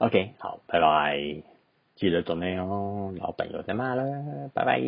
O、okay, K，好，拜拜，記得做咩哦，攞朋友仔媽啦，拜拜。